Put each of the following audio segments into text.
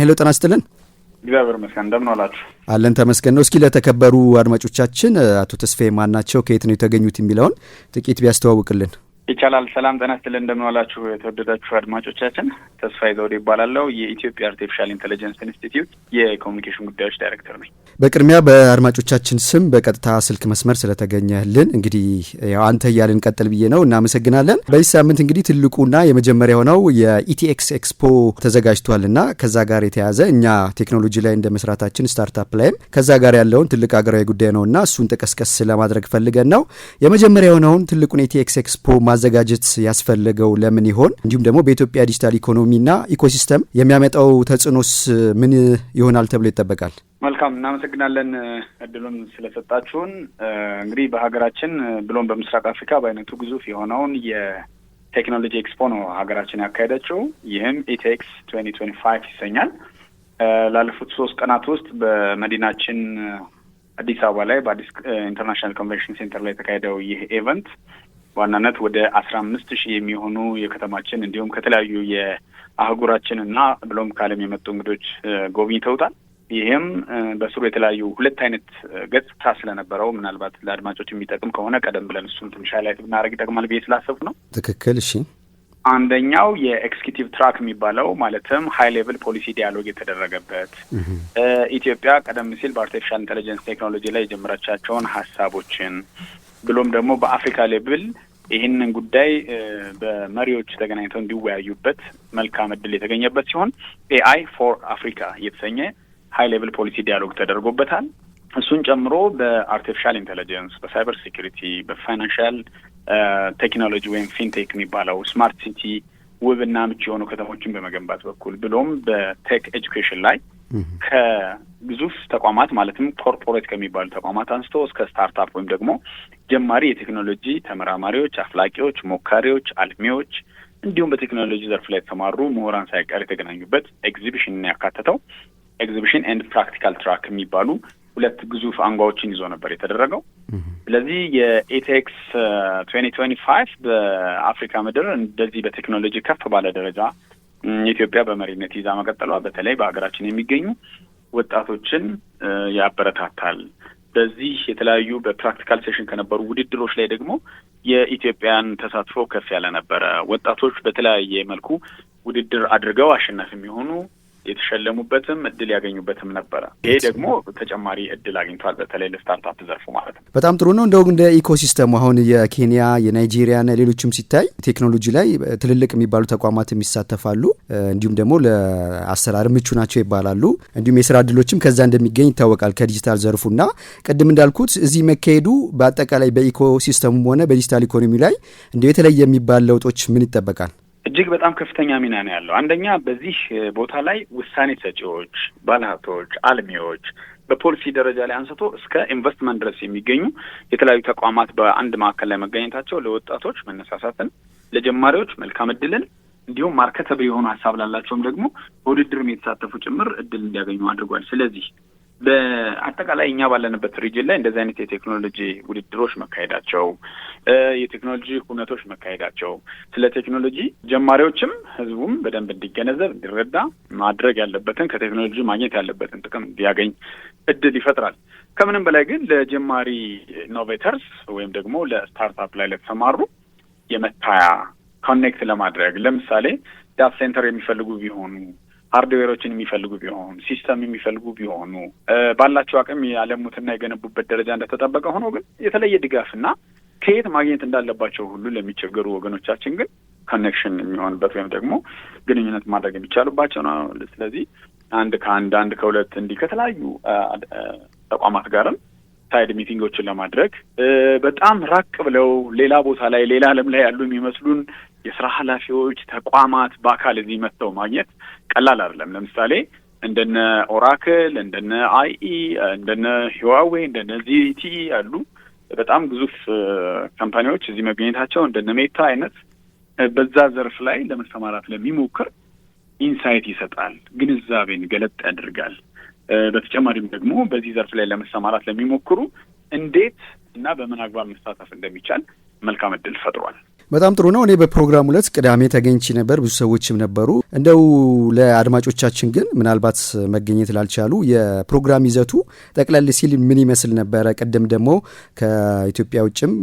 ሄሎ ጤና ይስጥልን። እግዚአብሔር ይመስገን እንደምን አላችሁ? አለን ተመስገን ነው። እስኪ ለተከበሩ አድማጮቻችን አቶ ተስፋዬ ማን ናቸው፣ ከየት ነው የተገኙት የሚለውን ጥቂት ቢያስተዋውቅልን። ይቻላል። ሰላም ጤና ስትል እንደምንዋላችሁ የተወደዳችሁ አድማጮቻችን። ተስፋዬ ዘውዴ ይባላለሁ። የኢትዮጵያ አርቲፊሻል ኢንቴሊጀንስ ኢንስቲትዩት የኮሚኒኬሽን ጉዳዮች ዳይሬክተር ነኝ። በቅድሚያ በአድማጮቻችን ስም በቀጥታ ስልክ መስመር ስለተገኘህልን እንግዲህ ያው አንተ እያልን ቀጥል ብዬ ነው። እናመሰግናለን። በዚህ ሳምንት እንግዲህ ትልቁና የመጀመሪያ የሆነው የኢቲኤክስ ኤክስፖ ተዘጋጅቷል እና ከዛ ጋር የተያዘ እኛ ቴክኖሎጂ ላይ እንደ መስራታችን ስታርታፕ ላይም ከዛ ጋር ያለውን ትልቅ ሀገራዊ ጉዳይ ነው እና እሱን ጥቀስቀስ ለማድረግ ፈልገን ነው የመጀመሪያ የሆነውን ትልቁን ኢቲኤክስ ኤክስፖ ማዘጋጀት ያስፈለገው ለምን ይሆን? እንዲሁም ደግሞ በኢትዮጵያ ዲጂታል ኢኮኖሚና ኢኮሲስተም የሚያመጣው ተጽዕኖስ ምን ይሆናል ተብሎ ይጠበቃል? መልካም እናመሰግናለን፣ እድሉን ስለሰጣችሁን። እንግዲህ በሀገራችን ብሎም በምስራቅ አፍሪካ በአይነቱ ግዙፍ የሆነውን የቴክኖሎጂ ኤክስፖ ነው ሀገራችን ያካሄደችው። ይህም ኢቴክስ ትዌንቲ ትዌንቲ ፋይቭ ይሰኛል። ላለፉት ሶስት ቀናት ውስጥ በመዲናችን አዲስ አበባ ላይ በአዲስ ኢንተርናሽናል ኮንቬንሽን ሴንተር ላይ የተካሄደው ይህ ኢቨንት በዋናነት ወደ አስራ አምስት ሺህ የሚሆኑ የከተማችን እንዲሁም ከተለያዩ የአህጉራችን እና ብሎም ከዓለም የመጡ እንግዶች ጎብኝተውታል። ይህም በስሩ የተለያዩ ሁለት አይነት ገጽታ ስለነበረው ምናልባት ለአድማጮች የሚጠቅም ከሆነ ቀደም ብለን እሱን ትንሽ ላይ ብናደርግ ይጠቅማል ብዬ ስላሰብኩ ነው። ትክክል። እሺ። አንደኛው የኤክስኪቲቭ ትራክ የሚባለው ማለትም ሀይ ሌቭል ፖሊሲ ዲያሎግ የተደረገበት ኢትዮጵያ ቀደም ሲል በአርቲፊሻል ኢንቴሊጀንስ ቴክኖሎጂ ላይ የጀመረቻቸውን ሀሳቦችን ብሎም ደግሞ በአፍሪካ ሌብል ይህንን ጉዳይ በመሪዎች ተገናኝተው እንዲወያዩበት መልካም እድል የተገኘበት ሲሆን ኤአይ ፎር አፍሪካ እየተሰኘ ሀይ ሌቭል ፖሊሲ ዲያሎግ ተደርጎበታል። እሱን ጨምሮ በአርቲፊሻል ኢንቴሊጀንስ፣ በሳይበር ሴኪሪቲ፣ በፋይናንሻል ቴክኖሎጂ ወይም ፊንቴክ የሚባለው ስማርት ሲቲ ውብና ምቹ የሆኑ ከተሞችን በመገንባት በኩል ብሎም በቴክ ኤጁኬሽን ላይ ከግዙፍ ተቋማት ማለትም ኮርፖሬት ከሚባሉ ተቋማት አንስቶ እስከ ስታርታፕ ወይም ደግሞ ጀማሪ የቴክኖሎጂ ተመራማሪዎች፣ አፍላቂዎች፣ ሞካሪዎች፣ አልሚዎች እንዲሁም በቴክኖሎጂ ዘርፍ ላይ የተማሩ ምሁራን ሳይቀር የተገናኙበት ኤግዚቢሽንን ያካተተው ኤግዚቢሽን ኤንድ ፕራክቲካል ትራክ የሚባሉ ሁለት ግዙፍ አንጓዎችን ይዞ ነበር የተደረገው። ስለዚህ የኤቴክስ ትዌንቲ ትዌንቲ ፋይቭ በአፍሪካ ምድር እንደዚህ በቴክኖሎጂ ከፍ ባለ ደረጃ ኢትዮጵያ በመሪነት ይዛ መቀጠሏ በተለይ በሀገራችን የሚገኙ ወጣቶችን ያበረታታል። በዚህ የተለያዩ በፕራክቲካል ሴሽን ከነበሩ ውድድሮች ላይ ደግሞ የኢትዮጵያን ተሳትፎ ከፍ ያለ ነበረ። ወጣቶች በተለያየ መልኩ ውድድር አድርገው አሸናፊ የሚሆኑ የተሸለሙበትም እድል ያገኙበትም ነበረ። ይሄ ደግሞ ተጨማሪ እድል አግኝቷል፣ በተለይ ለስታርታፕ ዘርፉ ማለት ነው። በጣም ጥሩ ነው። እንደው እንደ ኢኮሲስተሙ አሁን የኬንያ የናይጄሪያና ሌሎችም ሲታይ ቴክኖሎጂ ላይ ትልልቅ የሚባሉ ተቋማትም ይሳተፋሉ፣ እንዲሁም ደግሞ ለአሰራር ምቹ ናቸው ይባላሉ። እንዲሁም የስራ እድሎችም ከዛ እንደሚገኝ ይታወቃል ከዲጂታል ዘርፉና ቅድም እንዳልኩት እዚህ መካሄዱ በአጠቃላይ በኢኮሲስተሙም ሆነ በዲጂታል ኢኮኖሚ ላይ እንዲሁ የተለየ የሚባል ለውጦች ምን ይጠበቃል? እጅግ በጣም ከፍተኛ ሚና ነው ያለው። አንደኛ በዚህ ቦታ ላይ ውሳኔ ሰጪዎች፣ ባለሀብቶች፣ አልሚዎች በፖሊሲ ደረጃ ላይ አንስቶ እስከ ኢንቨስትመንት ድረስ የሚገኙ የተለያዩ ተቋማት በአንድ ማዕከል ላይ መገኘታቸው ለወጣቶች መነሳሳትን፣ ለጀማሪዎች መልካም እድልን እንዲሁም ማርከተብ የሆኑ ሀሳብ ላላቸውም ደግሞ በውድድርም የተሳተፉ ጭምር እድል እንዲያገኙ አድርጓል። ስለዚህ በአጠቃላይ እኛ ባለንበት ሪጅን ላይ እንደዚህ አይነት የቴክኖሎጂ ውድድሮች መካሄዳቸው፣ የቴክኖሎጂ ሁነቶች መካሄዳቸው ስለ ቴክኖሎጂ ጀማሪዎችም ህዝቡም በደንብ እንዲገነዘብ እንዲረዳ ማድረግ ያለበትን ከቴክኖሎጂ ማግኘት ያለበትን ጥቅም እንዲያገኝ እድል ይፈጥራል። ከምንም በላይ ግን ለጀማሪ ኢኖቬተርስ ወይም ደግሞ ለስታርታፕ ላይ ለተሰማሩ የመታያ ኮኔክት ለማድረግ ለምሳሌ ዳት ሴንተር የሚፈልጉ ቢሆኑ ሀርድዌሮችን የሚፈልጉ ቢሆኑ ሲስተም የሚፈልጉ ቢሆኑ ባላቸው አቅም ያለሙትና የገነቡበት ደረጃ እንደተጠበቀ ሆኖ ግን የተለየ ድጋፍና ከየት ማግኘት እንዳለባቸው ሁሉ ለሚቸገሩ ወገኖቻችን ግን ኮኔክሽን የሚሆንበት ወይም ደግሞ ግንኙነት ማድረግ የሚቻሉባቸው ነው። ስለዚህ አንድ ከአንድ አንድ ከሁለት እንዲህ ከተለያዩ ተቋማት ጋርም ሳይድ ሚቲንጎችን ለማድረግ በጣም ራቅ ብለው ሌላ ቦታ ላይ ሌላ ዓለም ላይ ያሉ የሚመስሉን የስራ ኃላፊዎች ተቋማት በአካል እዚህ መጥተው ማግኘት ቀላል አይደለም። ለምሳሌ እንደነ ኦራክል፣ እንደነ አይኢ፣ እንደነ ሂዋዌ፣ እንደነ ዚቲ ያሉ በጣም ግዙፍ ካምፓኒዎች እዚህ መገኘታቸው እንደነ ሜታ አይነት በዛ ዘርፍ ላይ ለመሰማራት ለሚሞክር ኢንሳይት ይሰጣል፣ ግንዛቤን ገለጥ ያደርጋል። በተጨማሪም ደግሞ በዚህ ዘርፍ ላይ ለመሰማራት ለሚሞክሩ እንዴት እና በምን አግባብ መሳተፍ እንደሚቻል መልካም እድል ፈጥሯል። በጣም ጥሩ ነው። እኔ በፕሮግራሙ ዕለት ቅዳሜ ተገኝቼ ነበር። ብዙ ሰዎችም ነበሩ። እንደው ለአድማጮቻችን ግን ምናልባት መገኘት ላልቻሉ የፕሮግራም ይዘቱ ጠቅለል ሲል ምን ይመስል ነበረ? ቅድም ደግሞ ከኢትዮጵያ ውጭም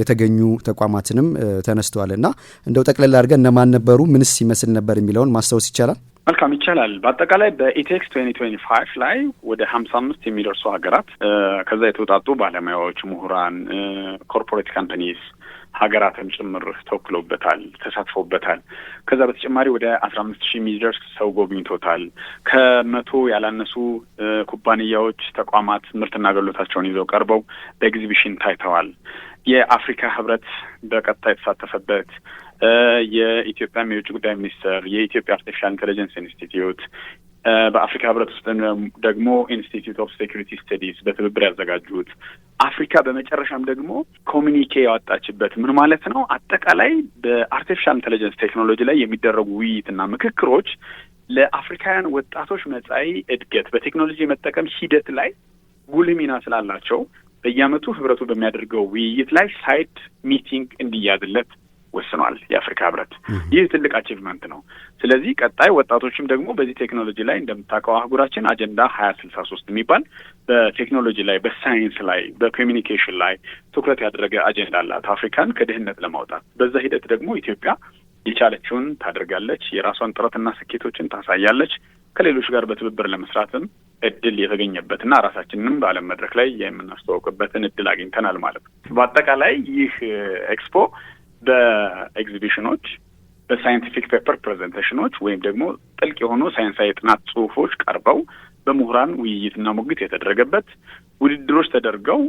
የተገኙ ተቋማትንም ተነስተዋል እና እንደው ጠቅለል አድርገን እነማን ነበሩ፣ ምንስ ይመስል ነበር የሚለውን ማስታወስ ይቻላል? መልካም ይቻላል። በአጠቃላይ በኢቴክስ ትዌንቲ ትዌንቲ ፋይቭ ላይ ወደ ሀምሳ አምስት የሚደርሱ ሀገራት ከዛ የተውጣጡ ባለሙያዎች፣ ምሁራን፣ ኮርፖሬት ካምፓኒስ ሀገራትም ጭምር ተወክሎበታል፣ ተሳትፎበታል። ከዛ በተጨማሪ ወደ አስራ አምስት ሺህ የሚደርስ ሰው ጎብኝቶታል። ከመቶ ያላነሱ ኩባንያዎች፣ ተቋማት ምርትና አገልግሎታቸውን ይዘው ቀርበው በኤግዚቢሽን ታይተዋል። የአፍሪካ ህብረት በቀጥታ የተሳተፈበት የኢትዮጵያ የውጭ ጉዳይ ሚኒስቴር፣ የኢትዮጵያ አርቲፊሻል ኢንቴሊጀንስ ኢንስቲትዩት በአፍሪካ ህብረት ውስጥ ደግሞ ኢንስቲትዩት ኦፍ ሴኩሪቲ ስተዲስ በትብብር ያዘጋጁት አፍሪካ በመጨረሻም ደግሞ ኮሚኒኬ ያወጣችበት ምን ማለት ነው? አጠቃላይ በአርቲፊሻል ኢንቴሊጀንስ ቴክኖሎጂ ላይ የሚደረጉ ውይይትና ምክክሮች ለአፍሪካውያን ወጣቶች መጻኢ እድገት በቴክኖሎጂ የመጠቀም ሂደት ላይ ጉልህ ሚና ስላላቸው በየዓመቱ ህብረቱ በሚያደርገው ውይይት ላይ ሳይድ ሚቲንግ እንዲያዝለት ወስኗል የአፍሪካ ህብረት። ይህ ትልቅ አቺቭመንት ነው። ስለዚህ ቀጣይ ወጣቶችም ደግሞ በዚህ ቴክኖሎጂ ላይ እንደምታውቀው አህጉራችን አጀንዳ ሀያ ስልሳ ሶስት የሚባል በቴክኖሎጂ ላይ፣ በሳይንስ ላይ፣ በኮሚኒኬሽን ላይ ትኩረት ያደረገ አጀንዳ አላት አፍሪካን ከድህነት ለማውጣት። በዛ ሂደት ደግሞ ኢትዮጵያ የቻለችውን ታደርጋለች። የራሷን ጥረትና ስኬቶችን ታሳያለች። ከሌሎች ጋር በትብብር ለመስራትም እድል የተገኘበትና ራሳችንንም በዓለም መድረክ ላይ የምናስተዋውቅበትን እድል አግኝተናል ማለት ነው። በአጠቃላይ ይህ ኤክስፖ በኤግዚቢሽኖች፣ በሳይንቲፊክ ፔፐር ፕሬዘንቴሽኖች ወይም ደግሞ ጥልቅ የሆኑ ሳይንሳዊ ጥናት ጽሁፎች ቀርበው በምሁራን ውይይትና ሙግት የተደረገበት ውድድሮች ተደርገው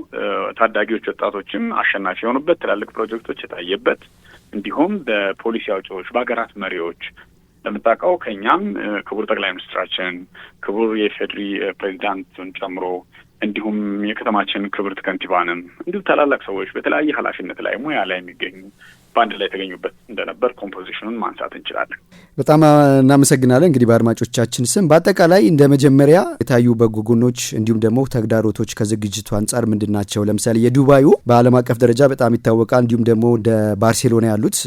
ታዳጊዎች ወጣቶችም አሸናፊ የሆኑበት ትላልቅ ፕሮጀክቶች የታየበት እንዲሁም በፖሊሲ አውጪዎች በሀገራት መሪዎች ለምታውቀው ከእኛም ክቡር ጠቅላይ ሚኒስትራችን ክቡር የፌድሪ ፕሬዚዳንቱን ጨምሮ እንዲሁም የከተማችን ክብርት ከንቲባንም እንዲሁም ታላላቅ ሰዎች በተለያየ ኃላፊነት ላይ ሙያ ላይ የሚገኙ በአንድ ላይ የተገኙበት እንደነበር ኮምፖዚሽኑን ማንሳት እንችላለን። በጣም እናመሰግናለን። እንግዲህ በአድማጮቻችን ስም በአጠቃላይ እንደ መጀመሪያ የታዩ በጎ ጎኖች እንዲሁም ደግሞ ተግዳሮቶች ከዝግጅቱ አንጻር ምንድን ናቸው? ለምሳሌ የዱባዩ በዓለም አቀፍ ደረጃ በጣም ይታወቃል። እንዲሁም ደግሞ እንደ ባርሴሎና ያሉት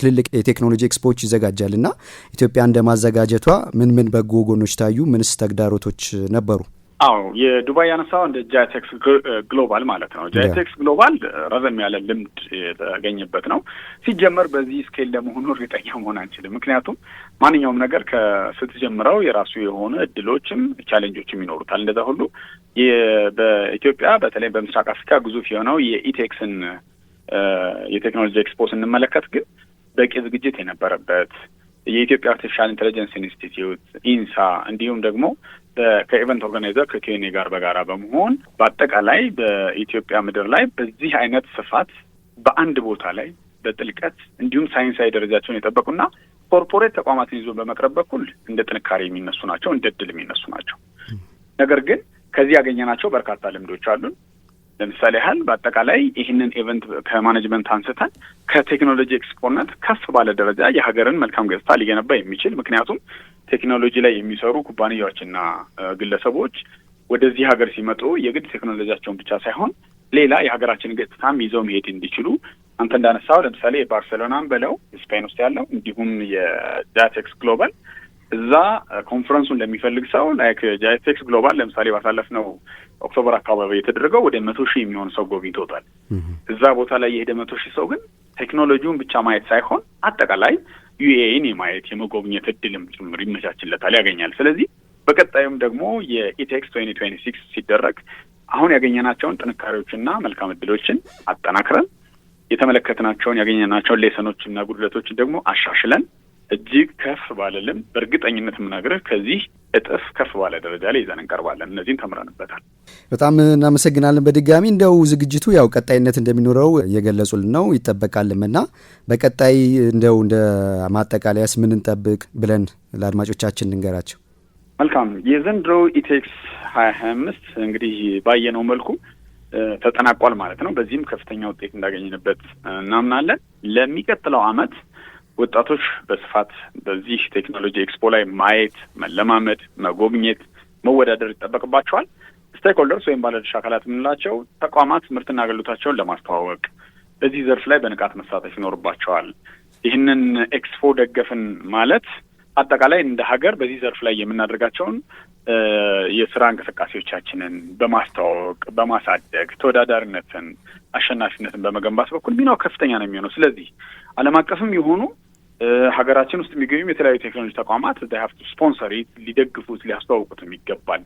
ትልልቅ የቴክኖሎጂ ኤክስፖዎች ይዘጋጃል እና ኢትዮጵያ እንደ ማዘጋጀቷ ምን ምን በጎ ጎኖች ታዩ? ምንስ ተግዳሮቶች ነበሩ? አዎ የዱባይ ያነሳው እንደ ጃይቴክስ ግሎባል ማለት ነው። ጃይቴክስ ግሎባል ረዘም ያለ ልምድ የተገኘበት ነው። ሲጀመር በዚህ ስኬል ለመሆኑ እርግጠኛ መሆን አንችልም። ምክንያቱም ማንኛውም ነገር ከስትጀምረው የራሱ የሆነ እድሎችም ቻሌንጆችም ይኖሩታል። እንደዛ ሁሉ በኢትዮጵያ በተለይ በምስራቅ አፍሪካ ግዙፍ የሆነው የኢቴክስን የቴክኖሎጂ ኤክስፖ ስንመለከት ግን በቂ ዝግጅት የነበረበት የኢትዮጵያ አርቲፊሻል ኢንቴሊጀንስ ኢንስቲትዩት ኢንሳ እንዲሁም ደግሞ ከኢቨንት ኦርጋናይዘር ከኬኔ ጋር በጋራ በመሆን በአጠቃላይ በኢትዮጵያ ምድር ላይ በዚህ አይነት ስፋት በአንድ ቦታ ላይ በጥልቀት እንዲሁም ሳይንሳዊ ደረጃቸውን የጠበቁና ኮርፖሬት ተቋማትን ይዞ በመቅረብ በኩል እንደ ጥንካሬ የሚነሱ ናቸው፣ እንደ ድል የሚነሱ ናቸው። ነገር ግን ከዚህ ያገኘናቸው በርካታ ልምዶች አሉን። ለምሳሌ ያህል በአጠቃላይ ይህንን ኢቨንት ከማኔጅመንት አንስተን ከቴክኖሎጂ ኤክስፖነት ከፍ ባለ ደረጃ የሀገርን መልካም ገጽታ ሊገነባ የሚችል ምክንያቱም ቴክኖሎጂ ላይ የሚሰሩ ኩባንያዎችና ግለሰቦች ወደዚህ ሀገር ሲመጡ የግድ ቴክኖሎጂያቸውን ብቻ ሳይሆን ሌላ የሀገራችን ገጽታም ይዘው መሄድ እንዲችሉ አንተ እንዳነሳው ለምሳሌ የባርሴሎናን በለው ስፔን ውስጥ ያለው እንዲሁም የጃቴክስ ግሎባል እዛ ኮንፈረንሱን ለሚፈልግ ሰው ላይክ ጃቴክስ ግሎባል ለምሳሌ ባሳለፍነው ኦክቶበር አካባቢ የተደረገው ወደ መቶ ሺህ የሚሆን ሰው ጎብኝቶታል። እዛ ቦታ ላይ የሄደ መቶ ሺህ ሰው ግን ቴክኖሎጂውን ብቻ ማየት ሳይሆን አጠቃላይ ዩኤን የማየት የመጎብኘት እድልም ጭምር ይመቻችለታል፣ ያገኛል። ስለዚህ በቀጣዩም ደግሞ የኢቴክስ ትዌንቲ ትዌንቲ ሲክስ ሲደረግ አሁን ያገኘናቸውን ጥንካሬዎችና መልካም እድሎችን አጠናክረን የተመለከትናቸውን ያገኘናቸውን ሌሰኖችና ጉድለቶችን ደግሞ አሻሽለን እጅግ ከፍ ባለልም በእርግጠኝነት የምናገርህ ከዚህ እጥፍ ከፍ ባለ ደረጃ ላይ ይዘን እንቀርባለን። እነዚህን ተምረንበታል። በጣም እናመሰግናለን። በድጋሚ እንደው ዝግጅቱ ያው ቀጣይነት እንደሚኖረው እየገለጹልን ነው ይጠበቃልም እና በቀጣይ እንደው እንደ ማጠቃለያስ ምን እንጠብቅ ብለን ለአድማጮቻችን እንገራቸው። መልካም የዘንድሮው ኢቴክስ ሀያ ሀያ አምስት እንግዲህ ባየነው መልኩ ተጠናቋል ማለት ነው። በዚህም ከፍተኛ ውጤት እንዳገኘንበት እናምናለን። ለሚቀጥለው አመት ወጣቶች በስፋት በዚህ ቴክኖሎጂ ኤክስፖ ላይ ማየት፣ መለማመድ፣ መጎብኘት፣ መወዳደር ይጠበቅባቸዋል። ስቴክሆልደርስ ወይም ባለድርሻ አካላት የምንላቸው ተቋማት ምርትና አገልግሎታቸውን ለማስተዋወቅ በዚህ ዘርፍ ላይ በንቃት መሳተፍ ይኖርባቸዋል። ይህንን ኤክስፖ ደገፍን ማለት አጠቃላይ እንደ ሀገር በዚህ ዘርፍ ላይ የምናደርጋቸውን የስራ እንቅስቃሴዎቻችንን በማስተዋወቅ በማሳደግ ተወዳዳሪነትን፣ አሸናፊነትን በመገንባት በኩል ሚናው ከፍተኛ ነው የሚሆነው። ስለዚህ ዓለም አቀፍም የሆኑ ሀገራችን ውስጥ የሚገኙም የተለያዩ ቴክኖሎጂ ተቋማት ሀፍቱ ስፖንሰሪት ሊደግፉት ሊያስተዋውቁትም ይገባል።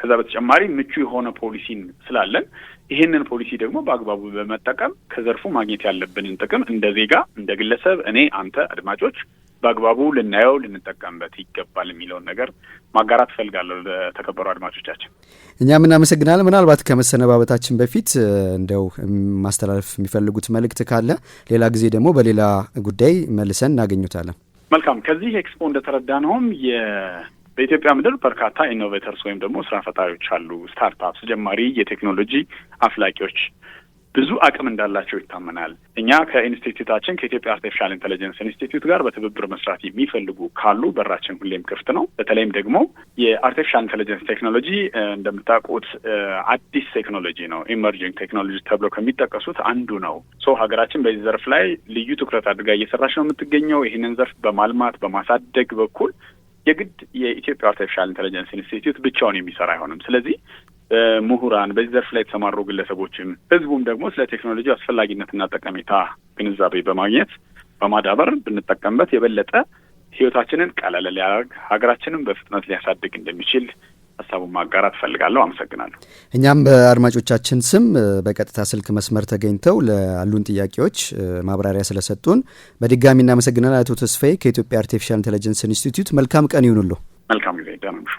ከዛ በተጨማሪ ምቹ የሆነ ፖሊሲን ስላለን ይህንን ፖሊሲ ደግሞ በአግባቡ በመጠቀም ከዘርፉ ማግኘት ያለብንን ጥቅም እንደ ዜጋ እንደ ግለሰብ እኔ፣ አንተ አድማጮች በአግባቡ ልናየው ልንጠቀምበት ይገባል የሚለውን ነገር ማጋራት ፈልጋለሁ ለተከበሩ አድማጮቻችን። እኛም እናመሰግናለን። ምናልባት ከመሰነባበታችን በፊት እንደው ማስተላለፍ የሚፈልጉት መልእክት ካለ ሌላ ጊዜ ደግሞ በሌላ ጉዳይ መልሰን እናገኙታለን። መልካም። ከዚህ ኤክስፖ እንደተረዳ ነውም በኢትዮጵያ ምድር በርካታ ኢኖቬተርስ ወይም ደግሞ ስራ ፈጣሪዎች አሉ። ስታርታፕስ፣ ጀማሪ የቴክኖሎጂ አፍላቂዎች ብዙ አቅም እንዳላቸው ይታመናል። እኛ ከኢንስቲትዩታችን ከኢትዮጵያ አርቲፊሻል ኢንቴሊጀንስ ኢንስቲትዩት ጋር በትብብር መስራት የሚፈልጉ ካሉ በራችን ሁሌም ክፍት ነው። በተለይም ደግሞ የአርቲፊሻል ኢንቴሊጀንስ ቴክኖሎጂ እንደምታውቁት አዲስ ቴክኖሎጂ ነው። ኢመርጂንግ ቴክኖሎጂ ተብሎ ከሚጠቀሱት አንዱ ነው። ሶ ሀገራችን በዚህ ዘርፍ ላይ ልዩ ትኩረት አድርጋ እየሰራች ነው የምትገኘው። ይህንን ዘርፍ በማልማት በማሳደግ በኩል የግድ የኢትዮጵያ አርቲፊሻል ኢንቴሊጀንስ ኢንስቲትዩት ብቻውን የሚሰራ አይሆንም። ስለዚህ ምሁራን፣ በዚህ ዘርፍ ላይ የተሰማሩ ግለሰቦችም ህዝቡም ደግሞ ስለ ቴክኖሎጂ አስፈላጊነትና ጠቀሜታ ግንዛቤ በማግኘት በማዳበር ብንጠቀምበት የበለጠ ህይወታችንን ቀለል ሊያደርግ ሀገራችንን በፍጥነት ሊያሳድግ እንደሚችል ሀሳቡን ማጋራት እፈልጋለሁ። አመሰግናለሁ። እኛም በአድማጮቻችን ስም በቀጥታ ስልክ መስመር ተገኝተው ላሉን ጥያቄዎች ማብራሪያ ስለሰጡን በድጋሚ እናመሰግናለን። አቶ ተስፋዬ ከኢትዮጵያ አርቲፊሻል ኢንቴለጀንስ ኢንስቲትዩት መልካም ቀን ይሁንሉ። መልካም ጊዜ ደህና